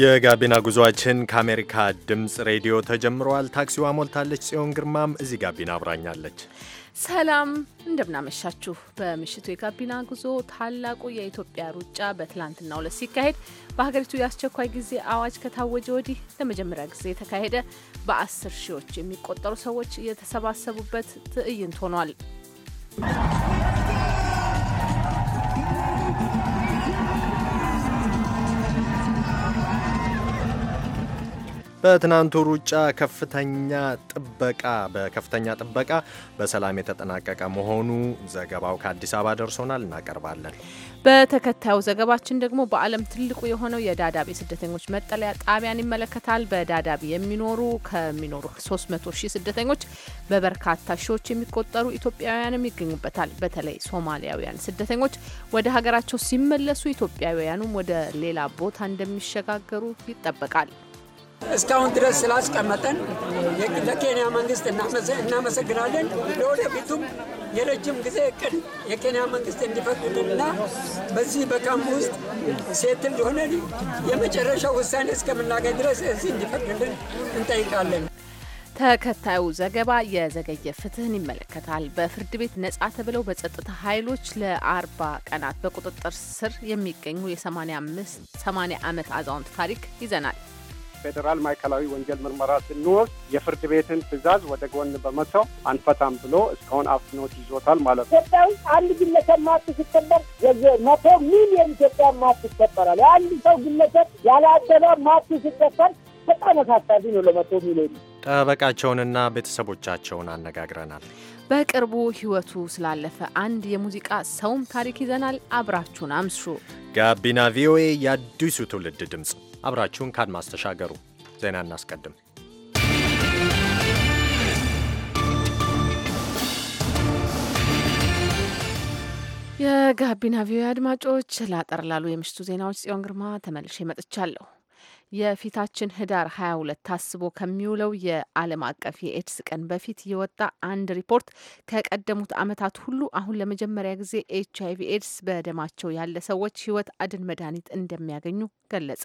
የጋቢና ጉዞአችን ከአሜሪካ ድምፅ ሬዲዮ ተጀምረዋል። ታክሲዋ ሞልታለች። ጽዮን ግርማም እዚህ ጋቢና አብራኛለች። ሰላም እንደምናመሻችሁ። በምሽቱ የጋቢና ጉዞ ታላቁ የኢትዮጵያ ሩጫ በትላንትና ሁለት ሲካሄድ በሀገሪቱ የአስቸኳይ ጊዜ አዋጅ ከታወጀ ወዲህ ለመጀመሪያ ጊዜ የተካሄደ በአስር ሺዎች የሚቆጠሩ ሰዎች የተሰባሰቡበት ትዕይንት ሆኗል። በትናንቱ ሩጫ ከፍተኛ ጥበቃ በከፍተኛ ጥበቃ በሰላም የተጠናቀቀ መሆኑ ዘገባው ከአዲስ አበባ ደርሶናል፣ እናቀርባለን። በተከታዩ ዘገባችን ደግሞ በዓለም ትልቁ የሆነው የዳዳቤ ስደተኞች መጠለያ ጣቢያን ይመለከታል። በዳዳቤ የሚኖሩ ከሚኖሩ 300 ሺህ ስደተኞች በበርካታ ሺዎች የሚቆጠሩ ኢትዮጵያውያንም ይገኙበታል። በተለይ ሶማሊያውያን ስደተኞች ወደ ሀገራቸው ሲመለሱ ኢትዮጵያውያኑም ወደ ሌላ ቦታ እንደሚሸጋገሩ ይጠበቃል። እስካሁን ድረስ ስላስቀመጠን ለኬንያ መንግስት እናመሰግናለን። ለወደፊቱም የረጅም ጊዜ እቅድ የኬንያ መንግስት እንዲፈቅድልንና በዚህ በካምፕ ውስጥ ሴትል ሆነን የመጨረሻው ውሳኔ እስከምናገኝ ድረስ እዚህ እንዲፈቅድልን እንጠይቃለን። ተከታዩ ዘገባ የዘገየ ፍትህን ይመለከታል። በፍርድ ቤት ነጻ ተብለው በጸጥታ ኃይሎች ለአርባ ቀናት በቁጥጥር ስር የሚገኙ የ85 ዓመት አዛውንት ታሪክ ይዘናል። ፌዴራል ማዕከላዊ ወንጀል ምርመራ ስንወስድ የፍርድ ቤትን ትዕዛዝ ወደ ጎን በመተው አንፈታም ብሎ እስካሁን አፍኖት ይዞታል ማለት ነው። ኢትዮጵያ ውስጥ አንድ ግለሰብ ማት ሲከበር መቶ ሚሊዮን ኢትዮጵያ ማት ይከበራል። የአንድ ሰው ግለሰብ ያለ አደባ ማት ሲከበር በጣም አሳሳቢ ነው ለመቶ ሚሊዮን። ጠበቃቸውንና ቤተሰቦቻቸውን አነጋግረናል። በቅርቡ ሕይወቱ ስላለፈ አንድ የሙዚቃ ሰውም ታሪክ ይዘናል። አብራችሁን አምሹ። ጋቢና ቪኦኤ የአዲሱ ትውልድ ድምፅ አብራችሁን ካድማስ ተሻገሩ። ዜና እናስቀድም። የጋቢና ቪዮ አድማጮች ላጠር ላሉ የምሽቱ ዜናዎች ጽዮን ግርማ ተመልሼ መጥቻለሁ። የፊታችን ህዳር 22 ታስቦ ከሚውለው የዓለም አቀፍ የኤድስ ቀን በፊት የወጣ አንድ ሪፖርት ከቀደሙት ዓመታት ሁሉ አሁን ለመጀመሪያ ጊዜ ኤች አይቪ ኤድስ በደማቸው ያለ ሰዎች ህይወት አድን መድኃኒት እንደሚያገኙ ገለጸ።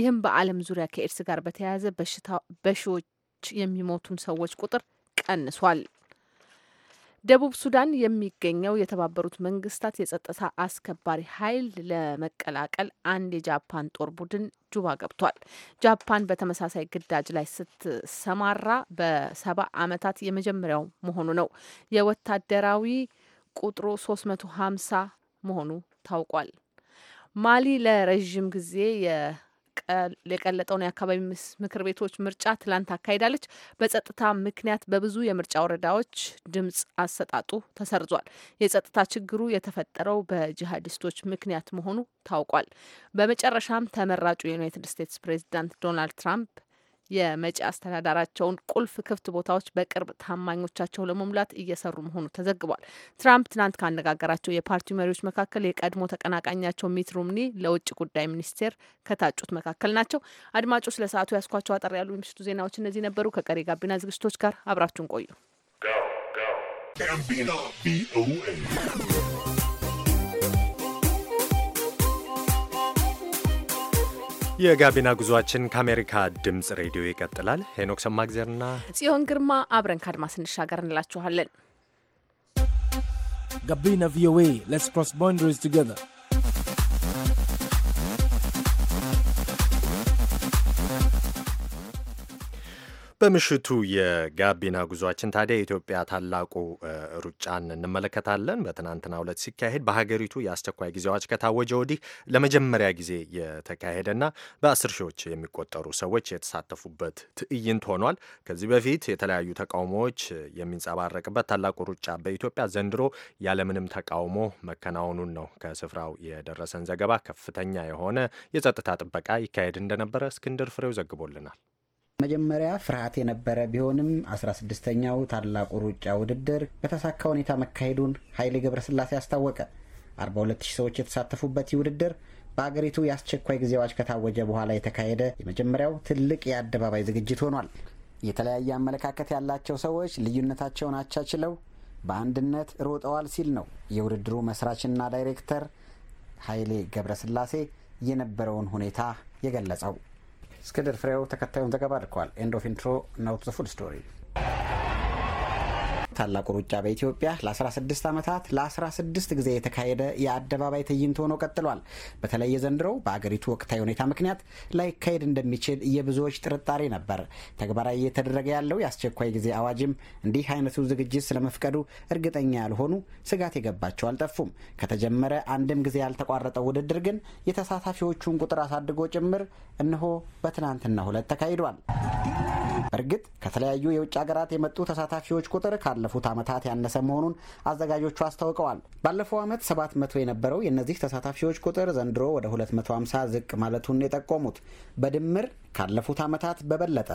ይህም በዓለም ዙሪያ ከኤድስ ጋር በተያያዘ በሺዎች የሚሞቱን ሰዎች ቁጥር ቀንሷል። ደቡብ ሱዳን የሚገኘው የተባበሩት መንግስታት የጸጥታ አስከባሪ ኃይል ለመቀላቀል አንድ የጃፓን ጦር ቡድን ጁባ ገብቷል። ጃፓን በተመሳሳይ ግዳጅ ላይ ስትሰማራ በሰባ ዓመታት የመጀመሪያው መሆኑ ነው። የወታደራዊ ቁጥሩ 350 መሆኑ ታውቋል። ማሊ ለረዥም ጊዜ የቀለጠውን የአካባቢ ምክር ቤቶች ምርጫ ትላንት አካሂዳለች። በጸጥታ ምክንያት በብዙ የምርጫ ወረዳዎች ድምጽ አሰጣጡ ተሰርዟል። የጸጥታ ችግሩ የተፈጠረው በጂሃዲስቶች ምክንያት መሆኑ ታውቋል። በመጨረሻም ተመራጩ የዩናይትድ ስቴትስ ፕሬዚዳንት ዶናልድ ትራምፕ የመጪ አስተዳዳራቸውን ቁልፍ ክፍት ቦታዎች በቅርብ ታማኞቻቸው ለመሙላት እየሰሩ መሆኑ ተዘግቧል። ትራምፕ ትናንት ካነጋገራቸው የፓርቲው መሪዎች መካከል የቀድሞ ተቀናቃኛቸው ሚት ሩምኒ ለውጭ ጉዳይ ሚኒስቴር ከታጩት መካከል ናቸው። አድማጮች ለሰዓቱ ያስኳቸው አጠር ያሉ የምሽቱ ዜናዎች እነዚህ ነበሩ። ከቀሪ ጋቢና ዝግጅቶች ጋር አብራችሁን ቆዩ። የጋቢና ጉዟችን ከአሜሪካ ድምፅ ሬዲዮ ይቀጥላል። ሄኖክ ሰማግዜርና ጽዮን ግርማ አብረን ከአድማስ እንሻገር እንላችኋለን። ጋቢና ቪኦኤ ሌትስ ክሮስ ባውንደሪስ ቱጌዘር በምሽቱ የጋቢና ጉዟችን ታዲያ የኢትዮጵያ ታላቁ ሩጫን እንመለከታለን። በትናንትና ሁለት ሲካሄድ በሀገሪቱ የአስቸኳይ ጊዜዎች ከታወጀ ወዲህ ለመጀመሪያ ጊዜ የተካሄደና በአስር ሺዎች የሚቆጠሩ ሰዎች የተሳተፉበት ትዕይንት ሆኗል። ከዚህ በፊት የተለያዩ ተቃውሞዎች የሚንጸባረቅበት ታላቁ ሩጫ በኢትዮጵያ ዘንድሮ ያለምንም ተቃውሞ መከናወኑን ነው ከስፍራው የደረሰን ዘገባ። ከፍተኛ የሆነ የጸጥታ ጥበቃ ይካሄድ እንደነበረ እስክንድር ፍሬው ዘግቦልናል። መጀመሪያ ፍርሃት የነበረ ቢሆንም 16ኛው ታላቁ ሩጫ ውድድር በተሳካ ሁኔታ መካሄዱን ኃይሌ ገብረስላሴ አስታወቀ። 420 ሰዎች የተሳተፉበት ይህ ውድድር በአገሪቱ የአስቸኳይ ጊዜ አዋጅ ከታወጀ በኋላ የተካሄደ የመጀመሪያው ትልቅ የአደባባይ ዝግጅት ሆኗል። የተለያየ አመለካከት ያላቸው ሰዎች ልዩነታቸውን አቻችለው በአንድነት ሮጠዋል ሲል ነው የውድድሩ መስራችና ዳይሬክተር ኃይሌ ገብረስላሴ የነበረውን ሁኔታ የገለጸው። እስክንድር ፍሬው ተከታዩን ዘገባ ልኳል። ኤንድ ኦፍ ኢንትሮ ናውት ዘ ፉል ስቶሪ ታላቁ ሩጫ በኢትዮጵያ ለ16 ዓመታት ለ16 ጊዜ የተካሄደ የአደባባይ ትዕይንት ሆኖ ቀጥሏል። በተለየ የዘንድሮው በአገሪቱ ወቅታዊ ሁኔታ ምክንያት ላይካሄድ እንደሚችል የብዙዎች ጥርጣሬ ነበር። ተግባራዊ እየተደረገ ያለው የአስቸኳይ ጊዜ አዋጅም እንዲህ አይነቱ ዝግጅት ስለመፍቀዱ እርግጠኛ ያልሆኑ ስጋት የገባቸው አልጠፉም። ከተጀመረ አንድም ጊዜ ያልተቋረጠው ውድድር ግን የተሳታፊዎቹን ቁጥር አሳድጎ ጭምር እነሆ በትናንትና ሁለት ተካሂዷል። እርግጥ ከተለያዩ የውጭ ሀገራት የመጡ ተሳታፊዎች ቁጥር ካለ ካለፉት ዓመታት ያነሰ መሆኑን አዘጋጆቹ አስታውቀዋል። ባለፈው ዓመት 700 የነበረው የእነዚህ ተሳታፊዎች ቁጥር ዘንድሮ ወደ 250 ዝቅ ማለቱን የጠቆሙት በድምር ካለፉት ዓመታት በበለጠ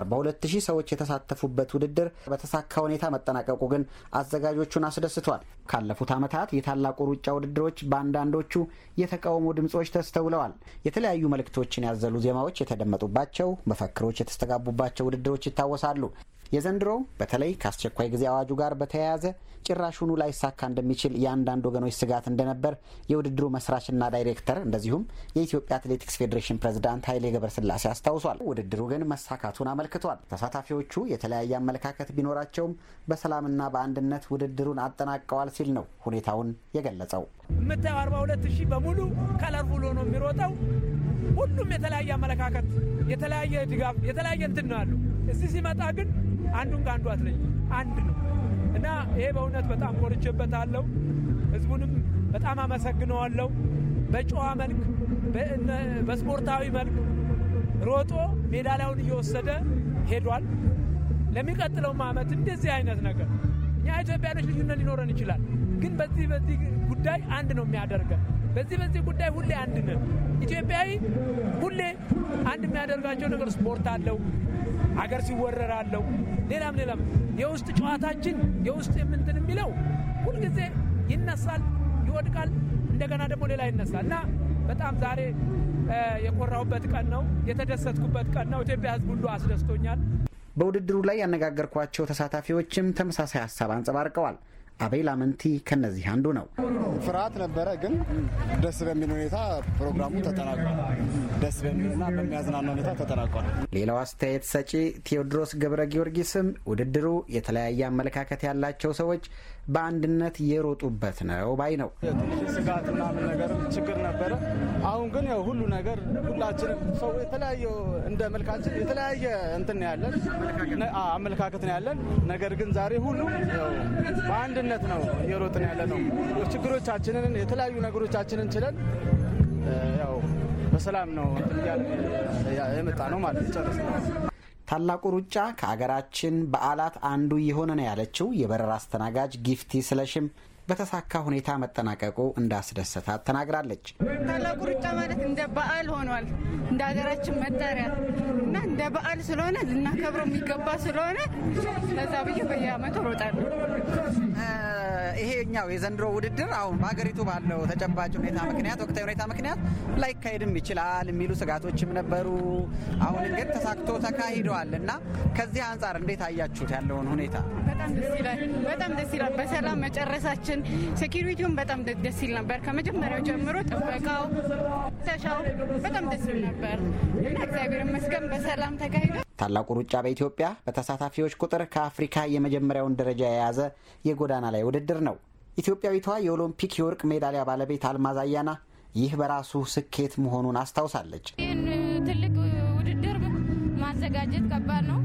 420 ሰዎች የተሳተፉበት ውድድር በተሳካ ሁኔታ መጠናቀቁ ግን አዘጋጆቹን አስደስቷል። ካለፉት ዓመታት የታላቁ ሩጫ ውድድሮች በአንዳንዶቹ የተቃውሞ ድምፆች ተስተውለዋል። የተለያዩ መልእክቶችን ያዘሉ ዜማዎች የተደመጡባቸው፣ መፈክሮች የተስተጋቡባቸው ውድድሮች ይታወሳሉ። የዘንድሮው በተለይ ከአስቸኳይ ጊዜ አዋጁ ጋር በተያያዘ ጭራሹኑ ላይሳካ እንደሚችል የአንዳንድ ወገኖች ስጋት እንደነበር የውድድሩ መስራችና ዳይሬክተር እንደዚሁም የኢትዮጵያ አትሌቲክስ ፌዴሬሽን ፕሬዝዳንት ኃይሌ ገብረስላሴ አስታውሷል። ውድድሩ ግን መሳካቱን አመልክቷል። ተሳታፊዎቹ የተለያየ አመለካከት ቢኖራቸውም በሰላምና በአንድነት ውድድሩን አጠናቀዋል ሲል ነው ሁኔታውን የገለጸው። የምታየው 42 ሺህ በሙሉ ከለርፉል ነው የሚሮጠው ሁሉም የተለያየ አመለካከት፣ የተለያየ ድጋፍ፣ የተለያየ እንትን ነው ያለው። እዚህ ሲመጣ ግን አንዱን ከአንዱ አትለይ አንድ ነው እና ይሄ በእውነት በጣም ኮርቼበታለሁ። ህዝቡንም በጣም አመሰግነዋለሁ። በጨዋ መልክ፣ በስፖርታዊ መልክ ሮጦ ሜዳሊያውን እየወሰደ ሄዷል። ለሚቀጥለውም አመት እንደዚህ አይነት ነገር እኛ ኢትዮጵያኖች ልዩነት ሊኖረን ይችላል፣ ግን በዚህ በዚህ ጉዳይ አንድ ነው የሚያደርገን በዚህ በዚህ ጉዳይ ሁሌ አንድ ነን። ኢትዮጵያዊ ሁሌ አንድ የሚያደርጋቸው ነገር ስፖርት አለው፣ ሀገር ሲወረር አለው፣ ሌላም ሌላም የውስጥ ጨዋታችን የውስጥ የምንትን የሚለው ሁልጊዜ ይነሳል፣ ይወድቃል፣ እንደገና ደግሞ ሌላ ይነሳል እና በጣም ዛሬ የኮራሁበት ቀን ነው፣ የተደሰትኩበት ቀን ነው። ኢትዮጵያ ሕዝብ ሁሉ አስደስቶኛል። በውድድሩ ላይ ያነጋገርኳቸው ተሳታፊዎችም ተመሳሳይ ሀሳብ አንጸባርቀዋል። አቤል አመንቲ ከነዚህ አንዱ ነው። ፍርሃት ነበረ፣ ግን ደስ በሚል ሁኔታ ፕሮግራሙ ተጠናቋል። ደስ በሚልና በሚያዝናና ሁኔታ ተጠናቋል። ሌላው አስተያየት ሰጪ ቴዎድሮስ ገብረ ጊዮርጊስም ውድድሩ የተለያየ አመለካከት ያላቸው ሰዎች በአንድነት የሮጡበት ነው ባይ ነው። ስጋት ምናምን ነገር ችግር ነበረ። አሁን ግን ያው ሁሉ ነገር ሁላችንም ሰው የተለያየ እንደ መልካችን የተለያየ እንትን ያለን አመለካከት ነው ያለን። ነገር ግን ዛሬ ሁሉ በአንድነት ነው እየሮጥን ያለ ነው። ችግሮቻችንን የተለያዩ ነገሮቻችንን ችለን ያው በሰላም ነው እያለ የመጣ ነው ማለት ይጨርስ ታላቁ ሩጫ ከአገራችን በዓላት አንዱ የሆነ ነው ያለችው የበረራ አስተናጋጅ ጊፍቲ ስለሽም በተሳካ ሁኔታ መጠናቀቁ እንዳስደሰታት ተናግራለች። ታላቁ ሩጫ ማለት እንደ በዓል ሆኗል፣ እንደ ሀገራችን መጠሪያ እና እንደ በዓል ስለሆነ ልናከብረው የሚገባ ስለሆነ ለዛ ብዬ በየአመቱ እሮጣለሁ። ይሄኛው የዘንድሮ ውድድር አሁን በሀገሪቱ ባለው ተጨባጭ ሁኔታ ምክንያት፣ ወቅታዊ ሁኔታ ምክንያት ላይካሄድም ይችላል የሚሉ ስጋቶችም ነበሩ። አሁን ግን ተሳክቶ ተካሂደዋል እና ከዚህ አንጻር እንዴት አያችሁት ያለውን ሁኔታ? በጣም ደስ ይላል። በጣም ደስ ይላል። በሰላም መጨረሳችን እንትን ሴኪሪቲውን በጣም ደስ ይል ነበር። ከመጀመሪያው ጀምሮ ጥበቃው፣ ተሻው በጣም ደስ ይል ነበር እና እግዚአብሔር ይመስገን በሰላም ተካሂዶ ታላቁ ሩጫ በኢትዮጵያ በተሳታፊዎች ቁጥር ከአፍሪካ የመጀመሪያውን ደረጃ የያዘ የጎዳና ላይ ውድድር ነው። ኢትዮጵያዊቷ የኦሎምፒክ የወርቅ ሜዳሊያ ባለቤት አልማዝ አያና ይህ በራሱ ስኬት መሆኑን አስታውሳለች። ይህን ትልቅ ውድድር ማዘጋጀት ከባድ ነው።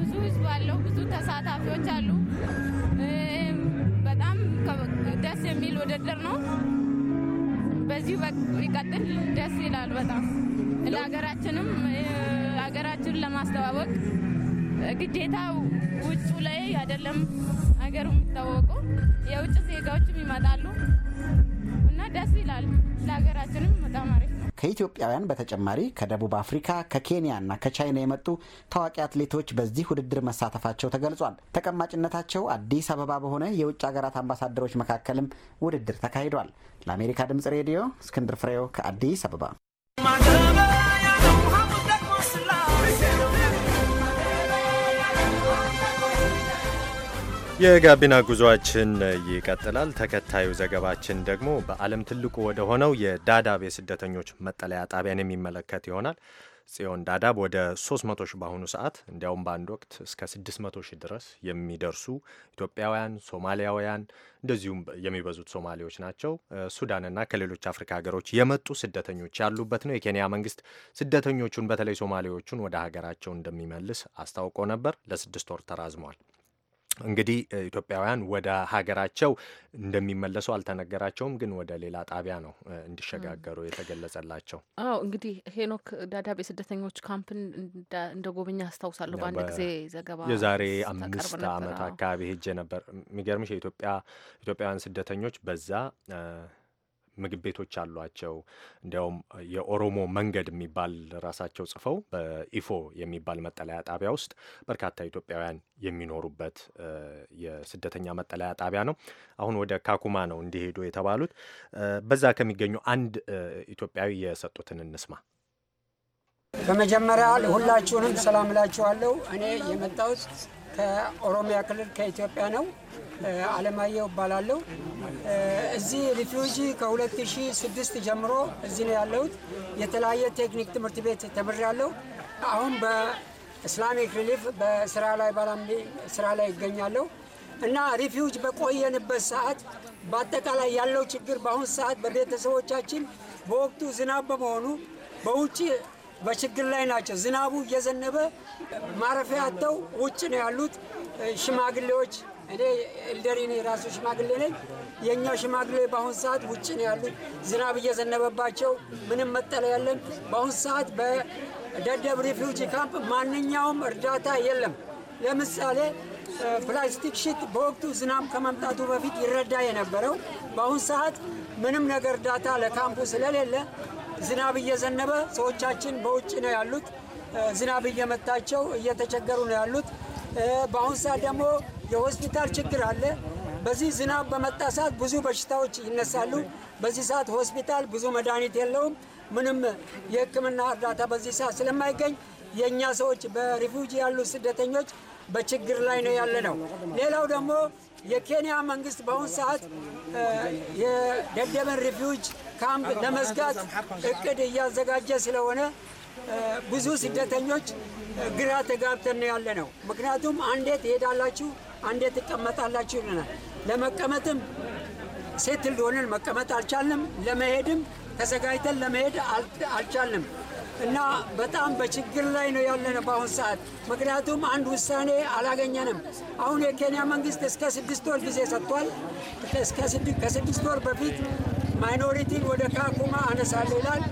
ብዙ ህዝብ አለው፣ ብዙ ተሳታፊዎች አሉ። ደስ የሚል ውድድር ነው። በዚሁ ይቀጥል፣ ደስ ይላል በጣም ለሀገራችንም ሀገራችን ለማስተዋወቅ ግዴታ ውጭ ላይ አይደለም ሀገሩ የሚታወቀው የውጭ ዜጋዎችም ይመጣሉ እና ደስ ይላል ለሀገራችንም በጣም አሪፍ ከኢትዮጵያውያን በተጨማሪ ከደቡብ አፍሪካ ከኬንያ እና ከቻይና የመጡ ታዋቂ አትሌቶች በዚህ ውድድር መሳተፋቸው ተገልጿል። ተቀማጭነታቸው አዲስ አበባ በሆነ የውጭ ሀገራት አምባሳደሮች መካከልም ውድድር ተካሂዷል። ለአሜሪካ ድምጽ ሬዲዮ እስክንድር ፍሬው ከአዲስ አበባ የጋቢና ጉዞአችን ይቀጥላል። ተከታዩ ዘገባችን ደግሞ በዓለም ትልቁ ወደ ሆነው የዳዳብ የስደተኞች መጠለያ ጣቢያን የሚመለከት ይሆናል። ጽዮን ዳዳብ ወደ 300 ሺህ በአሁኑ ሰዓት እንዲያውም በአንድ ወቅት እስከ 600 ሺህ ድረስ የሚደርሱ ኢትዮጵያውያን፣ ሶማሊያውያን እንደዚሁም የሚበዙት ሶማሌዎች ናቸው፣ ሱዳንና ከሌሎች አፍሪካ ሀገሮች የመጡ ስደተኞች ያሉበት ነው። የኬንያ መንግስት ስደተኞቹን በተለይ ሶማሌዎቹን ወደ ሀገራቸው እንደሚመልስ አስታውቆ ነበር። ለስድስት ወር ተራዝሟል። እንግዲህ ኢትዮጵያውያን ወደ ሀገራቸው እንደሚመለሱ አልተነገራቸውም፣ ግን ወደ ሌላ ጣቢያ ነው እንዲሸጋገሩ የተገለጸላቸው። አዎ እንግዲህ ሄኖክ ዳዳብ የስደተኞች ካምፕን እንደ ጎበኛ አስታውሳለሁ። በአንድ ጊዜ ዘገባ የዛሬ አምስት ዓመት አካባቢ ሄጄ ነበር። የሚገርምሽ ኢትዮጵያውያን ስደተኞች በዛ ምግብ ቤቶች አሏቸው። እንዲያውም የኦሮሞ መንገድ የሚባል ራሳቸው ጽፈው በኢፎ የሚባል መጠለያ ጣቢያ ውስጥ በርካታ ኢትዮጵያውያን የሚኖሩበት የስደተኛ መጠለያ ጣቢያ ነው። አሁን ወደ ካኩማ ነው እንዲሄዱ የተባሉት። በዛ ከሚገኙ አንድ ኢትዮጵያዊ የሰጡትን እንስማ። በመጀመሪያ ሁላችሁንም ሰላም እላችኋለሁ። እኔ የመጣሁት ከኦሮሚያ ክልል ከኢትዮጵያ ነው። አለማየሁ እባላለሁ። እዚህ ሪፊውጂ ከ2006 ጀምሮ እዚህ ነው ያለሁት። የተለያየ ቴክኒክ ትምህርት ቤት ተምሬያለሁ። አሁን በእስላሚክ ሪሊፍ በስራ ላይ ስራ ላይ ይገኛለሁ እና ሪፊውጅ በቆየንበት ሰዓት በአጠቃላይ ያለው ችግር በአሁን ሰዓት በቤተሰቦቻችን በወቅቱ ዝናብ በመሆኑ በውጭ በችግር ላይ ናቸው። ዝናቡ እየዘነበ ማረፊያ አጥተው ውጭ ነው ያሉት። ሽማግሌዎች እኔ ኤልደሪን የራሱ ሽማግሌ ነኝ። የእኛው ሽማግሌ በአሁን ሰዓት ውጭ ነው ያሉት። ዝናብ እየዘነበባቸው ምንም መጠለያ የለም። በአሁን ሰዓት በደደብ ሪፊውጂ ካምፕ ማንኛውም እርዳታ የለም። ለምሳሌ ፕላስቲክ ሽት በወቅቱ ዝናብ ከመምጣቱ በፊት ይረዳ የነበረው በአሁን ሰዓት ምንም ነገር እርዳታ ለካምፑ ስለሌለ ዝናብ እየዘነበ ሰዎቻችን በውጭ ነው ያሉት። ዝናብ እየመታቸው እየተቸገሩ ነው ያሉት። በአሁን ሰዓት ደግሞ የሆስፒታል ችግር አለ። በዚህ ዝናብ በመጣ ሰዓት ብዙ በሽታዎች ይነሳሉ። በዚህ ሰዓት ሆስፒታል ብዙ መድኃኒት የለውም። ምንም የሕክምና እርዳታ በዚህ ሰዓት ስለማይገኝ የእኛ ሰዎች በሪፉጂ ያሉ ስደተኞች በችግር ላይ ነው ያለ ነው። ሌላው ደግሞ የኬንያ መንግስት በአሁን ሰዓት የደደበን ሪፉጅ ካምፕ ለመዝጋት እቅድ እያዘጋጀ ስለሆነ ብዙ ስደተኞች ግራ ተጋብተን ያለ ነው። ምክንያቱም አንዴ ትሄዳላችሁ፣ አንዴ ትቀመጣላችሁ ይለናል። ለመቀመጥም ሴት እንደሆንን መቀመጥ አልቻልንም። ለመሄድም ተዘጋጅተን ለመሄድ አልቻልንም እና በጣም በችግር ላይ ነው ያለነው በአሁን ሰዓት። ምክንያቱም አንድ ውሳኔ አላገኘንም። አሁን የኬንያ መንግስት እስከ ስድስት ወር ጊዜ ሰጥቷል። ከስድስት ወር በፊት ማይኖሪቲን ወደ ካኩማ አነሳለ ይላል።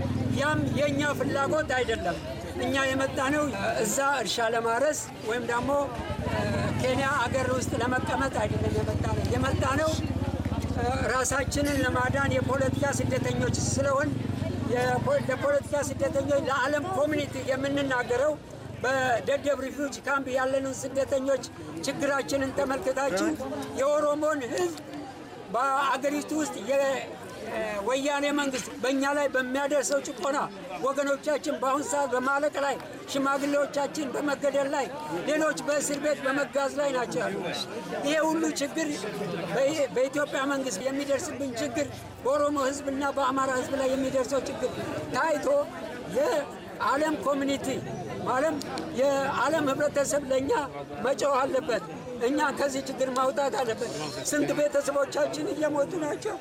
ያም የእኛ ፍላጎት አይደለም። እኛ የመጣነው እዛ እርሻ ለማረስ ወይም ደግሞ ኬንያ አገር ውስጥ ለመቀመጥ አይደለም የመጣነው የመጣነው ራሳችንን ለማዳን የፖለቲካ ስደተኞች ስለሆን ለፖለቲካ ስደተኞች ለዓለም ኮሚኒቲ የምንናገረው በደደብ ሪፊውጅ ካምፕ ያለንን ስደተኞች ችግራችንን ተመልክታችሁ የኦሮሞን ሕዝብ በአገሪቱ ውስጥ ወያኔ መንግስት በእኛ ላይ በሚያደርሰው ጭቆና ወገኖቻችን በአሁን ሰዓት በማለቅ ላይ፣ ሽማግሌዎቻችን በመገደል ላይ፣ ሌሎች በእስር ቤት በመጋዝ ላይ ናቸው ያሉ። ይሄ ሁሉ ችግር በኢትዮጵያ መንግስት የሚደርስብን ችግር በኦሮሞ ህዝብና በአማራ ህዝብ ላይ የሚደርሰው ችግር ታይቶ የዓለም ኮሚኒቲ ማለም የዓለም ህብረተሰብ ለእኛ መጮህ አለበት። እኛ ከዚህ ችግር ማውጣት አለበት። ስንት ቤተሰቦቻችን እየሞቱ ናቸው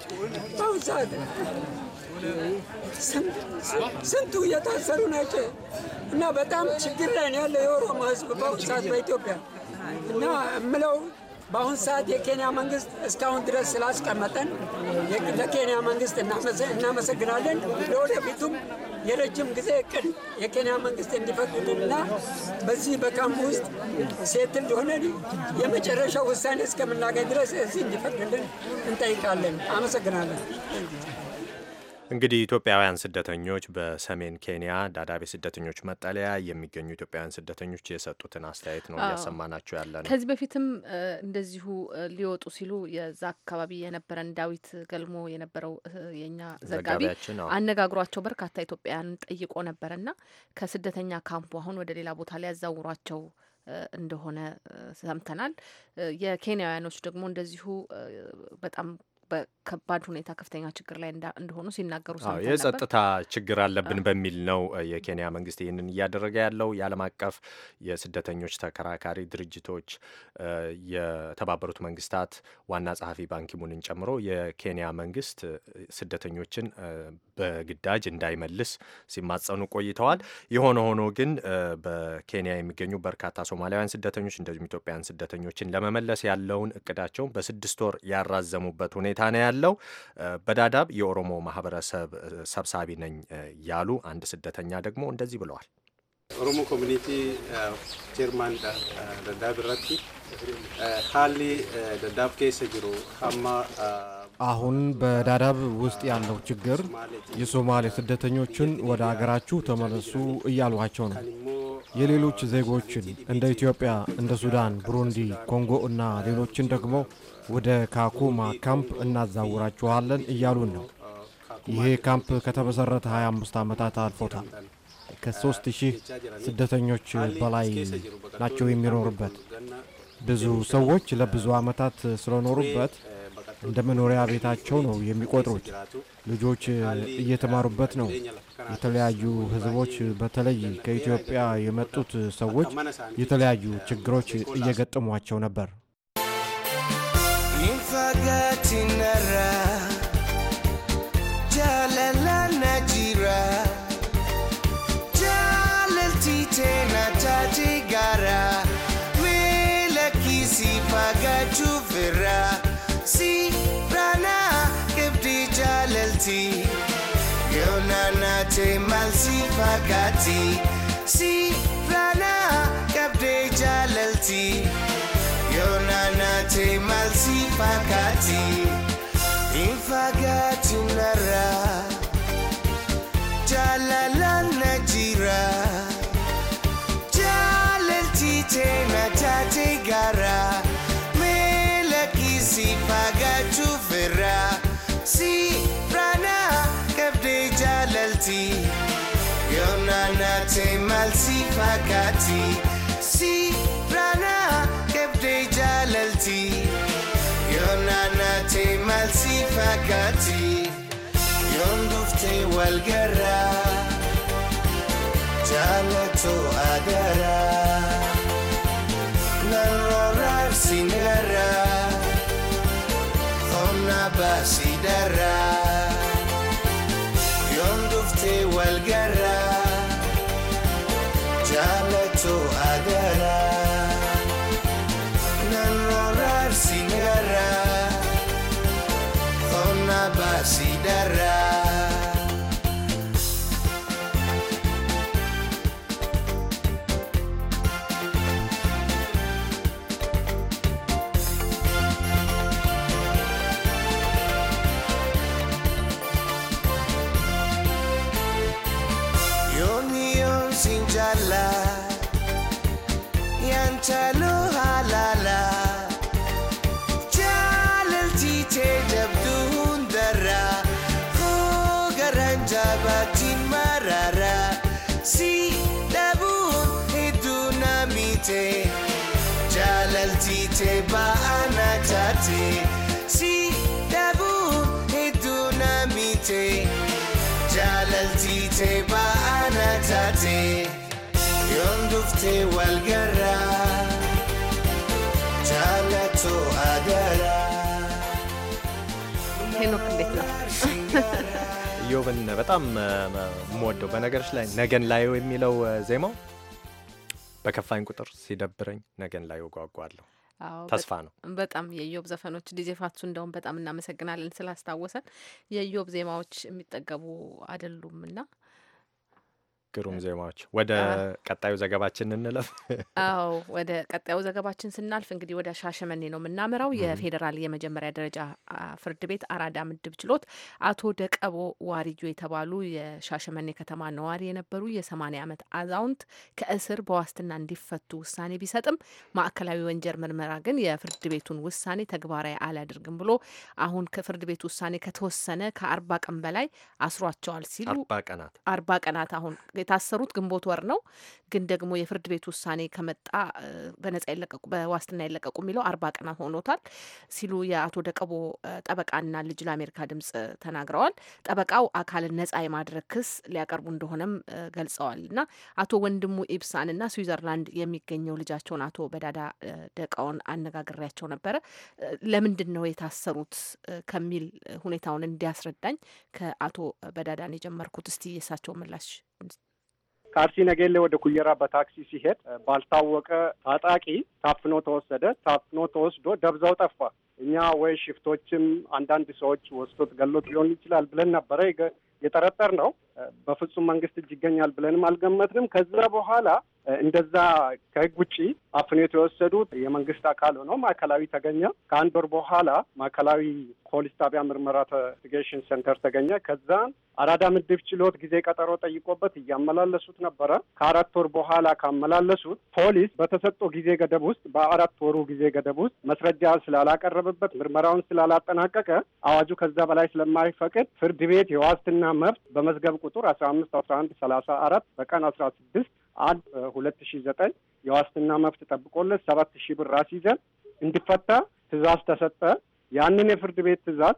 በአሁን ሰዓት ስንቱ እየታሰሩ ናቸው እና በጣም ችግር ላይ ነው ያለው የኦሮሞ ሕዝብ በአሁን ሰዓት በኢትዮጵያ እና እምለው በአሁን ሰዓት የኬንያ መንግስት እስካሁን ድረስ ስላስቀመጠን ለኬንያ መንግስት እናመሰግናለን። ለወደፊቱም የረጅም ጊዜ እቅድ የኬንያ መንግስት እንዲፈቅዱና በዚህ በካምፕ ውስጥ ሴት እንደሆነ የመጨረሻው ውሳኔ እስከምናገኝ ድረስ እዚህ እንዲፈቅድልን እንጠይቃለን። አመሰግናለን። እንግዲህ ኢትዮጵያውያን ስደተኞች በሰሜን ኬንያ ዳዳቤ ስደተኞች መጠለያ የሚገኙ ኢትዮጵያውያን ስደተኞች የሰጡትን አስተያየት ነው እያሰማናቸው ያለ ነው። ከዚህ በፊትም እንደዚሁ ሊወጡ ሲሉ የዛ አካባቢ የነበረን ዳዊት ገልሞ የነበረው የኛ ዘጋቢ አነጋግሯቸው በርካታ ኢትዮጵያውያን ጠይቆ ነበርና ከስደተኛ ካምፑ አሁን ወደ ሌላ ቦታ ሊያዛውሯቸው እንደሆነ ሰምተናል። የኬንያውያኖች ደግሞ እንደዚሁ በጣም ከባድ ሁኔታ ከፍተኛ ችግር ላይ እንደሆኑ ሲናገሩ የጸጥታ ችግር አለብን በሚል ነው የኬንያ መንግስት ይህንን እያደረገ ያለው። የዓለም አቀፍ የስደተኞች ተከራካሪ ድርጅቶች የተባበሩት መንግስታት ዋና ጸሐፊ ባንኪሙንን ጨምሮ የኬንያ መንግስት ስደተኞችን በግዳጅ እንዳይመልስ ሲማጸኑ ቆይተዋል። የሆነ ሆኖ ግን በኬንያ የሚገኙ በርካታ ሶማሊያውያን ስደተኞች እንደዚሁም ኢትዮጵያውያን ስደተኞችን ለመመለስ ያለውን እቅዳቸውን በስድስት ወር ያራዘሙበት ሁኔታ ነው ያለ ያለው በዳዳብ የኦሮሞ ማህበረሰብ ሰብሳቢ ነኝ ያሉ አንድ ስደተኛ ደግሞ እንደዚህ ብለዋል። ኦሮሞ ኮሚኒቲ ጀርማን ዳዳብ ራቲ ሀሊ ዳዳብ ኬሰ ጅሩ ሀማ አሁን በዳዳብ ውስጥ ያለው ችግር የሶማሌ ስደተኞችን ወደ አገራችሁ ተመለሱ እያሏቸው ነው። የሌሎች ዜጎችን እንደ ኢትዮጵያ፣ እንደ ሱዳን፣ ብሩንዲ፣ ኮንጎ እና ሌሎችን ደግሞ ወደ ካኩማ ካምፕ እናዛውራችኋለን እያሉን ነው። ይሄ ካምፕ ከተመሠረተ 25 ዓመታት አልፎታል። ከሦስት ሺህ ስደተኞች በላይ ናቸው የሚኖሩበት። ብዙ ሰዎች ለብዙ ዓመታት ስለኖሩበት እንደ መኖሪያ ቤታቸው ነው የሚቆጥሩት። ልጆች እየተማሩበት ነው። የተለያዩ ህዝቦች፣ በተለይ ከኢትዮጵያ የመጡት ሰዎች የተለያዩ ችግሮች እየገጠሟቸው ነበር። te mal si fakati si flana kap de jalalti yo na te mal si fakati in fakati nara jalala na jira jalalti te na tate gara melaki si fakatu vera si kati yona natemalsi fakati si rana kepte jalalti yona natemalsi fakati yon dufte walgara jalato agara narorar sinegara ona basidara tell وقفتي والقرة جابته أدرة ሄኖክ እንዴት ነው? ኢዮብን በጣም uh, የምወደው በነገሮች ላይ ነገን ላይ የሚለው uh, ዜማው በከፋኝ ቁጥር ሲደብረኝ ነገን ላይ ጓጓለሁ። ተስፋ ነው። በጣም የኢዮብ ዘፈኖች ዲዜ ፋቱ እንደውም በጣም እናመሰግናለን ስላስታወሰን። የኢዮብ ዜማዎች የሚጠገቡ አይደሉም እና ግሩም ዜማዎች። ወደ ቀጣዩ ዘገባችን እንለፍ። አዎ ወደ ቀጣዩ ዘገባችን ስናልፍ እንግዲህ ወደ ሻሸመኔ ነው የምናመራው። hm የፌዴራል የመጀመሪያ ደረጃ ፍርድ ቤት አራዳ ምድብ ችሎት አቶ ደቀቦ ዋሪጆ የተባሉ የሻሸመኔ ከተማ ነዋሪ የነበሩ የሰማኒያ ዓመት አዛውንት ከእስር በዋስትና እንዲፈቱ ውሳኔ ቢሰጥም ማዕከላዊ ወንጀል ምርመራ ግን የፍርድ ቤቱን ውሳኔ ተግባራዊ አላደርግም ብሎ አሁን ከፍርድ ቤት ውሳኔ ከተወሰነ ከአርባ ቀን በላይ አስሯቸዋል ሲሉ አርባ ቀናት አሁን የታሰሩት ግንቦት ወር ነው። ግን ደግሞ የፍርድ ቤት ውሳኔ ከመጣ በነጻ ይለቀቁ በዋስትና ይለቀቁ የሚለው አርባ ቀናት ሆኖታል ሲሉ የአቶ ደቀቦ ጠበቃና ልጅ ለአሜሪካ ድምጽ ተናግረዋል። ጠበቃው አካልን ነጻ የማድረግ ክስ ሊያቀርቡ እንደሆነም ገልጸዋል። እና አቶ ወንድሙ ኢብሳንና ስዊዘርላንድ የሚገኘው ልጃቸውን አቶ በዳዳ ደቃውን አነጋግሬያቸው ነበረ። ለምንድን ነው የታሰሩት ከሚል ሁኔታውን እንዲያስረዳኝ ከአቶ በዳዳን የጀመርኩት። እስቲ የእሳቸው ምላሽ ካርሲ ነገሌ ወደ ኩየራ በታክሲ ሲሄድ ባልታወቀ ታጣቂ ታፍኖ ተወሰደ። ታፍኖ ተወስዶ ደብዛው ጠፋ። እኛ ወይ ሽፍቶችም አንዳንድ ሰዎች ወስዶት ገሎት ሊሆን ይችላል ብለን ነበረ የጠረጠር ነው። በፍጹም መንግስት እጅ ይገኛል ብለንም አልገመትንም። ከዛ በኋላ እንደዛ ከህግ ውጭ አፍኖ የወሰዱት የመንግስት አካል ሆኖ ማዕከላዊ ተገኘ። ከአንድ ወር በኋላ ማዕከላዊ ፖሊስ ጣቢያ ምርመራ ኢንቨስቲጌሽን ሴንተር ተገኘ። ከዛን አራዳ ምድብ ችሎት ጊዜ ቀጠሮ ጠይቆበት እያመላለሱት ነበረ። ከአራት ወር በኋላ ካመላለሱት ፖሊስ በተሰጠው ጊዜ ገደብ ውስጥ በአራት ወሩ ጊዜ ገደብ ውስጥ መስረጃ ስላላቀረበበት ምርመራውን ስላላጠናቀቀ አዋጁ ከዛ በላይ ስለማይፈቅድ ፍርድ ቤት የዋስትና መብት በመዝገብ ቁጥር አስራ አምስት አስራ አንድ ሰላሳ አራት በቀን አስራ ስድስት አንድ ሁለት ሺ ዘጠኝ የዋስትና መብት ጠብቆለት ሰባት ሺህ ብር አስይዘን እንዲፈታ ትእዛዝ ተሰጠ። ያንን የፍርድ ቤት ትዕዛዝ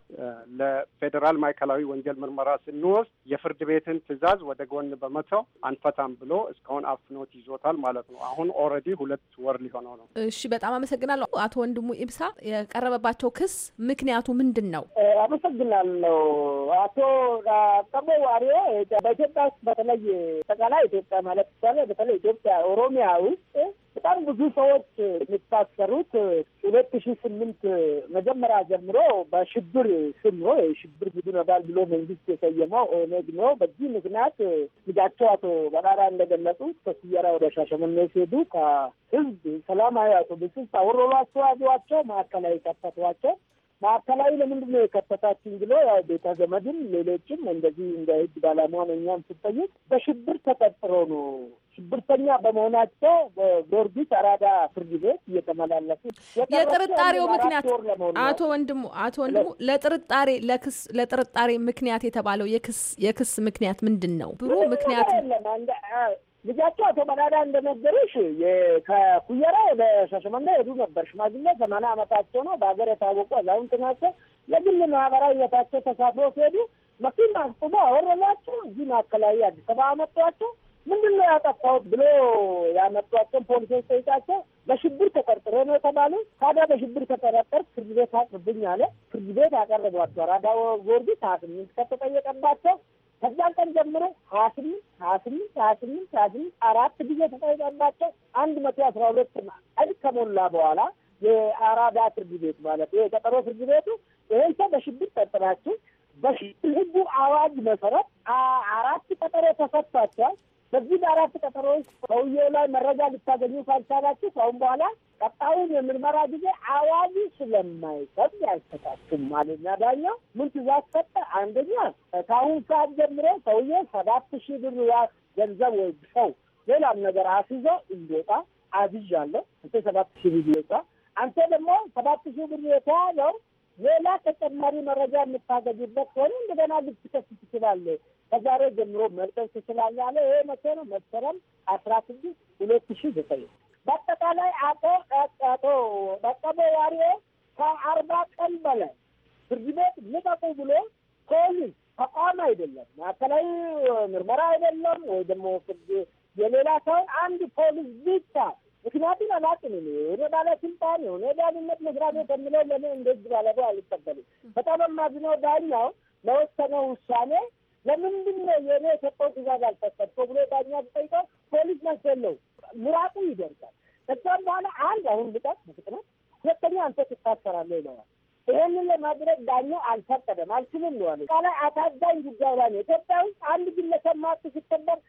ለፌዴራል ማዕከላዊ ወንጀል ምርመራ ስንወስድ የፍርድ ቤትን ትዕዛዝ ወደ ጎን በመተው አንፈታም ብሎ እስካሁን አፍኖት ይዞታል ማለት ነው። አሁን ኦልሬዲ ሁለት ወር ሊሆነው ነው። እሺ፣ በጣም አመሰግናለሁ አቶ ወንድሙ ኢብሳ። የቀረበባቸው ክስ ምክንያቱ ምንድን ነው? አመሰግናለሁ አቶ ቀሞ ዋሪዮ። በኢትዮጵያ ውስጥ በተለይ ጠቃላይ ኢትዮጵያ ማለት ይቻላል በተለይ ኢትዮጵያ ኦሮሚያ ውስጥ በጣም ብዙ ሰዎች የሚታሰሩት ሁለት ሺ ስምንት መጀመሪያ ጀምሮ በሽብር ስም ነው። የሽብር ቡድን ይባል ብሎ መንግስት የሰየመው ኦነግ ነው። በዚህ ምክንያት ልጃቸው አቶ በራራ እንደገለጹት ከስየራ ወደ ሻሸመኔ ሲሄዱ ከህዝብ ሰላማዊ አውቶቡስ ውስጥ አወረሯቸው፣ ያዟቸው፣ ማዕከላዊ ከተቷቸው። ማዕከላዊ ለምንድን ነው የከተታችን ብሎ ያው ቤተ ዘመድም ሌሎችም እንደዚህ እንደ ህግ ባለሙያን እኛም ስጠይቅ በሽብር ተጠርጥሮ ነው ሽብርተኛ በመሆናቸው በጊዮርጊስ አራዳ ፍርድ ቤት እየተመላለሱ የጥርጣሬው ምክንያት አቶ ወንድሙ አቶ ወንድሙ ለጥርጣሬ ለክስ ለጥርጣሬ ምክንያት የተባለው የክስ የክስ ምክንያት ምንድን ነው ብሩ ምክንያት ልጃቸው አቶ መራዳ እንደነገሩሽ ከኩየራ ወደ ሻሸመኔ ሄዱ ነበር። ሽማግሌ ሰማንያ አመታቸው ነው። በሀገር የታወቁ አዛውንት ናቸው። ለግል ማህበራዊ ህይወታቸው ተሳፍሮ ሲሄዱ መኪና አስቁሞ አወረዷቸው። እዚህ ማዕከላዊ አዲስ አበባ መጥቷቸው ምንድን ነው ያጠፋሁት ብሎ ያመጧቸውን ፖሊሶች ጠይቃቸው በሽብር ተጠርጥረ ነው የተባሉ። ታዲያ በሽብር ተጠረጠር ፍርድ ቤት አቅርብኝ አለ። ፍርድ ቤት ያቀረቧቸው አራዳ ጊዮርጊስ ሀያ ስምንት ከተጠየቀባቸው ከዛን ቀን ጀምሮ ሀያ ስምንት ሀያ ስምንት ሀያ ስምንት ሀያ ስምንት አራት ጊዜ ተጠየቀባቸው። አንድ መቶ አስራ ሁለት ቀን ከሞላ በኋላ የአራዳ ፍርድ ቤት ማለት ይሄ የቀጠሮ ፍርድ ቤቱ ይሄን ሰው በሽብር ጠርጥራችሁ በሽብር ህጉ አዋጅ መሰረት አራት ቀጠሮ ተሰጥቷቸዋል። በዚህ በአራት ቀጠሮዎች ሰውየው ላይ መረጃ ልታገኙ ካልቻላችሁ ከአሁን በኋላ ቀጣዩን የምርመራ ጊዜ አዋጅ ስለማይሰጥ ያልሰጣችሁም ማለት ዳኛው ምን ትእዛዝ ሰጠ? አንደኛ ከአሁን ሰዓት ጀምሮ ሰውዬ ሰባት ሺህ ብር ዋስ ገንዘብ ወይ ሰው ሌላም ነገር አስይዞ እንዲወጣ አዝዣለሁ። እንተ ሰባት ሺህ ብር ይወጣ። አንተ ደግሞ ሰባት ሺህ ብር የተያዘው ሌላ ተጨማሪ መረጃ የምታገኙበት ከሆነ እንደገና ልትከስ ትችላለህ። ከዛሬ ጀምሮ መቅጠር ትችላለህ አለ። ይሄ መቼ ነው? መስከረም አስራ ስድስት ሁለት ሺ ዘጠኝ በአጠቃላይ አቶ አቶ በቀለ ዋሪዮ ከአርባ ቀን በላይ ፍርድ ቤት ልቀቁ ብሎ ፖሊስ ተቋም አይደለም ማዕከላዊ ምርመራ አይደለም ወይ ደግሞ ፍርድ የሌላ ሰውን አንድ ፖሊስ ብቻ ምክንያቱም አላውቅም የሆነ ባለስልጣን የሆነ ዳንነት መስሪያ ቤት የሚለው ለምን እንደዚህ ባለቡ አልቀበልም። በጣም የማዝነው ዳኛው ለወሰነው ውሳኔ ለምንድን ነው የእኔ የሰጠው ትእዛዝ አልፈጸምከው ብሎ ዳኛ ቢጠይቀው ፖሊስ መሰለው ምራቁ ይደርጋል። ከዛም በኋላ አንድ አሁን ልቀት በፍጥነት፣ ሁለተኛ አንተ ትታሰራለህ ይለዋል። ይህንን ለማድረግ ዳኛው አልፈቀደም፣ አልችልም ይለዋል። ቃላይ አሳዛኝ ጉዳይ ላይ ነው። ኢትዮጵያ ውስጥ አንድ ግለሰብ መብት ሲከበር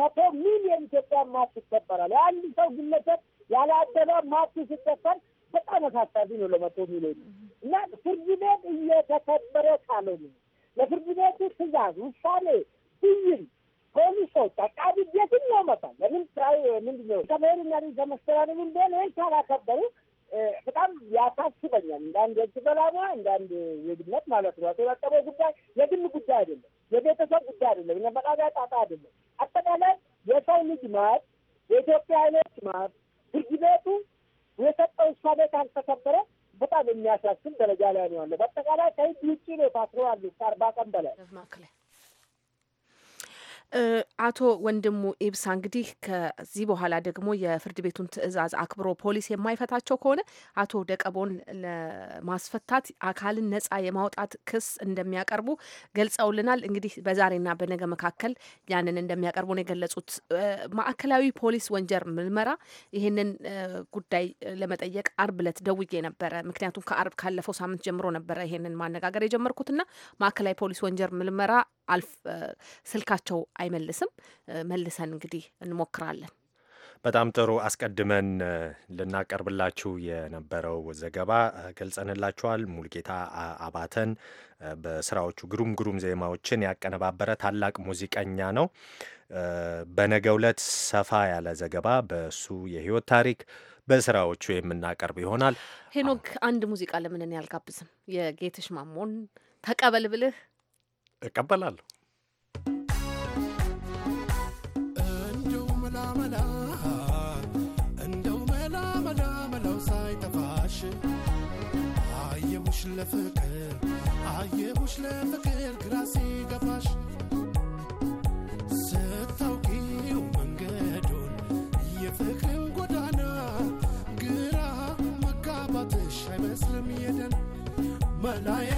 መቶ ሚሊዮን ኢትዮጵያ መብት ይከበራል። የአንድ ሰው ግለሰብ ያለ አደባብ መብት ሲከበር በጣም አሳሳቢ ነው ለመቶ ሚሊዮን እና ፍርድ ቤት እየተከበረ ካለ ነው በፍርድ ቤቱ ትእዛዝ፣ ውሳኔ፣ ብይን ፖሊሶች አቃቢ ቤትን ያመጣል። ለምን ምንድን ነው ከብሔርና ርዕሰ መስተዳድሩ እንደሆነ ይህን ካላከበሩ በጣም ያሳስበኛል። እንዳንድ የእጅ በላማ እንዳንድ የግነት ማለት ነው። አቶ ጉዳይ የግል ጉዳይ አይደለም፣ የቤተሰብ ጉዳይ አይደለም፣ የመቃቢያ ጣጣ አይደለም። አጠቃላይ የሰው ልጅ ማት የኢትዮጵያ አይኖች ማት ፍርድ ቤቱ የሰጠው ውሳኔ ካልተከበረ በጣም የሚያሳስብ ደረጃ ላይ ነው ያለው። በአጠቃላይ ከህግ ውጭ ነው የታሰሩ አሉ ከአርባ ቀን በላይ አቶ ወንድሙ ኢብሳ እንግዲህ ከዚህ በኋላ ደግሞ የፍርድ ቤቱን ትዕዛዝ አክብሮ ፖሊስ የማይፈታቸው ከሆነ አቶ ደቀቦን ለማስፈታት አካልን ነጻ የማውጣት ክስ እንደሚያቀርቡ ገልጸውልናል። እንግዲህ በዛሬና በነገ መካከል ያንን እንደሚያቀርቡ ነው የገለጹት። ማዕከላዊ ፖሊስ ወንጀር ምርመራ ይህንን ጉዳይ ለመጠየቅ አርብ ዕለት ደውዬ ነበረ። ምክንያቱም ከአርብ ካለፈው ሳምንት ጀምሮ ነበረ ይህንን ማነጋገር የጀመርኩትና ማዕከላዊ ፖሊስ ወንጀር ምርመራ አልፍ ስልካቸው አይመልስም። መልሰን እንግዲህ እንሞክራለን። በጣም ጥሩ። አስቀድመን ልናቀርብላችሁ የነበረው ዘገባ ገልጸንላችኋል። ሙልጌታ አባተን በስራዎቹ ግሩም ግሩም ዜማዎችን ያቀነባበረ ታላቅ ሙዚቀኛ ነው። በነገ ዕለት ሰፋ ያለ ዘገባ በሱ የህይወት ታሪክ በስራዎቹ የምናቀርብ ይሆናል። ሄኖክ፣ አንድ ሙዚቃ ለምንን ያልጋብዝም? የጌትሽ ማሞን ተቀበል ብልህ እቀበላለሁ። ለፍቅር አየሁሽ ለፍቅር ግራ ሲገባሽ ስታውቂው መንገዱን የፍቅርን ጎዳና ግራ መጋባትሽ አይመስልም የደን መላዬ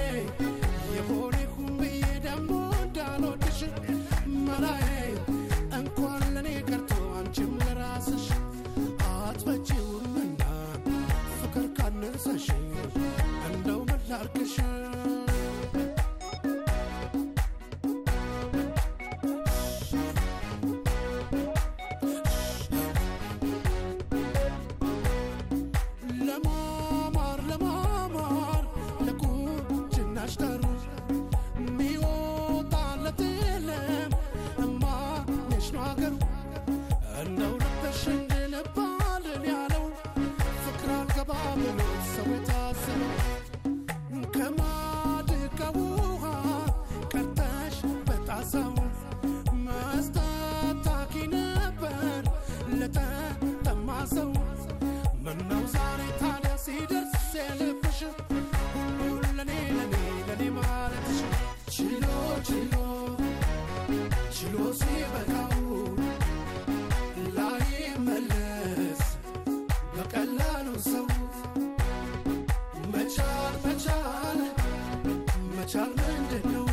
I'm gonna do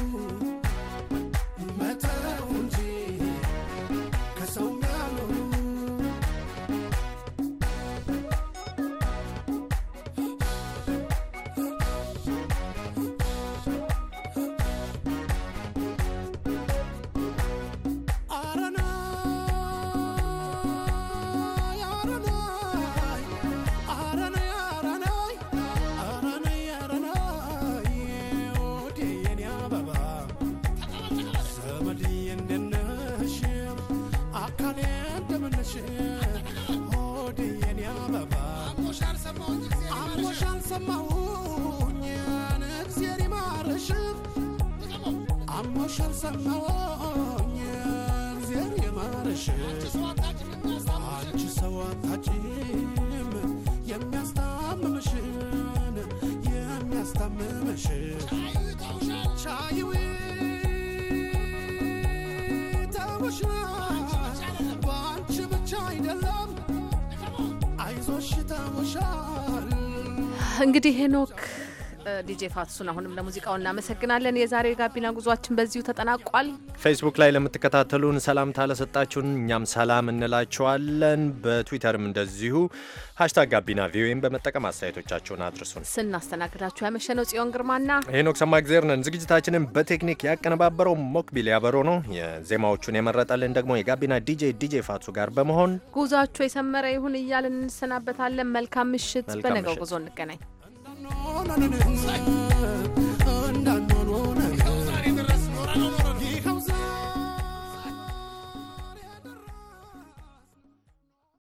አመመሽ ሻይዊ ተውሽ በአንቺ ብቻ አይደለም አይዞሽ ተውሻል። እንግዲህ ሄኖክ ዲጄ ፋትሱን አሁንም ለሙዚቃው እናመሰግናለን። የዛሬ ጋቢና ጉዟችን በዚሁ ተጠናቋል። ፌስቡክ ላይ ለምትከታተሉን ሰላምታ ለሰጣችሁን እኛም ሰላም እንላችኋለን። በትዊተርም እንደዚሁ ሀሽታግ ጋቢና ቪኦኤም በመጠቀም አስተያየቶቻችሁን አድርሱን። ስናስተናግዳችሁ ያመሸነው ጽዮን ግርማና ሄኖክ ሰማእግዜር ነን። ዝግጅታችንን በቴክኒክ ያቀነባበረው ሞክቢል ያበሮ ነው። የዜማዎቹን የመረጠልን ደግሞ የጋቢና ዲጄ ዲጄ ፋትሱ ጋር በመሆን ጉዟችሁ የሰመረ ይሁን እያልን እንሰናበታለን። መልካም ምሽት። በነገው ጉዞ እንገናኝ። No, no, no, no.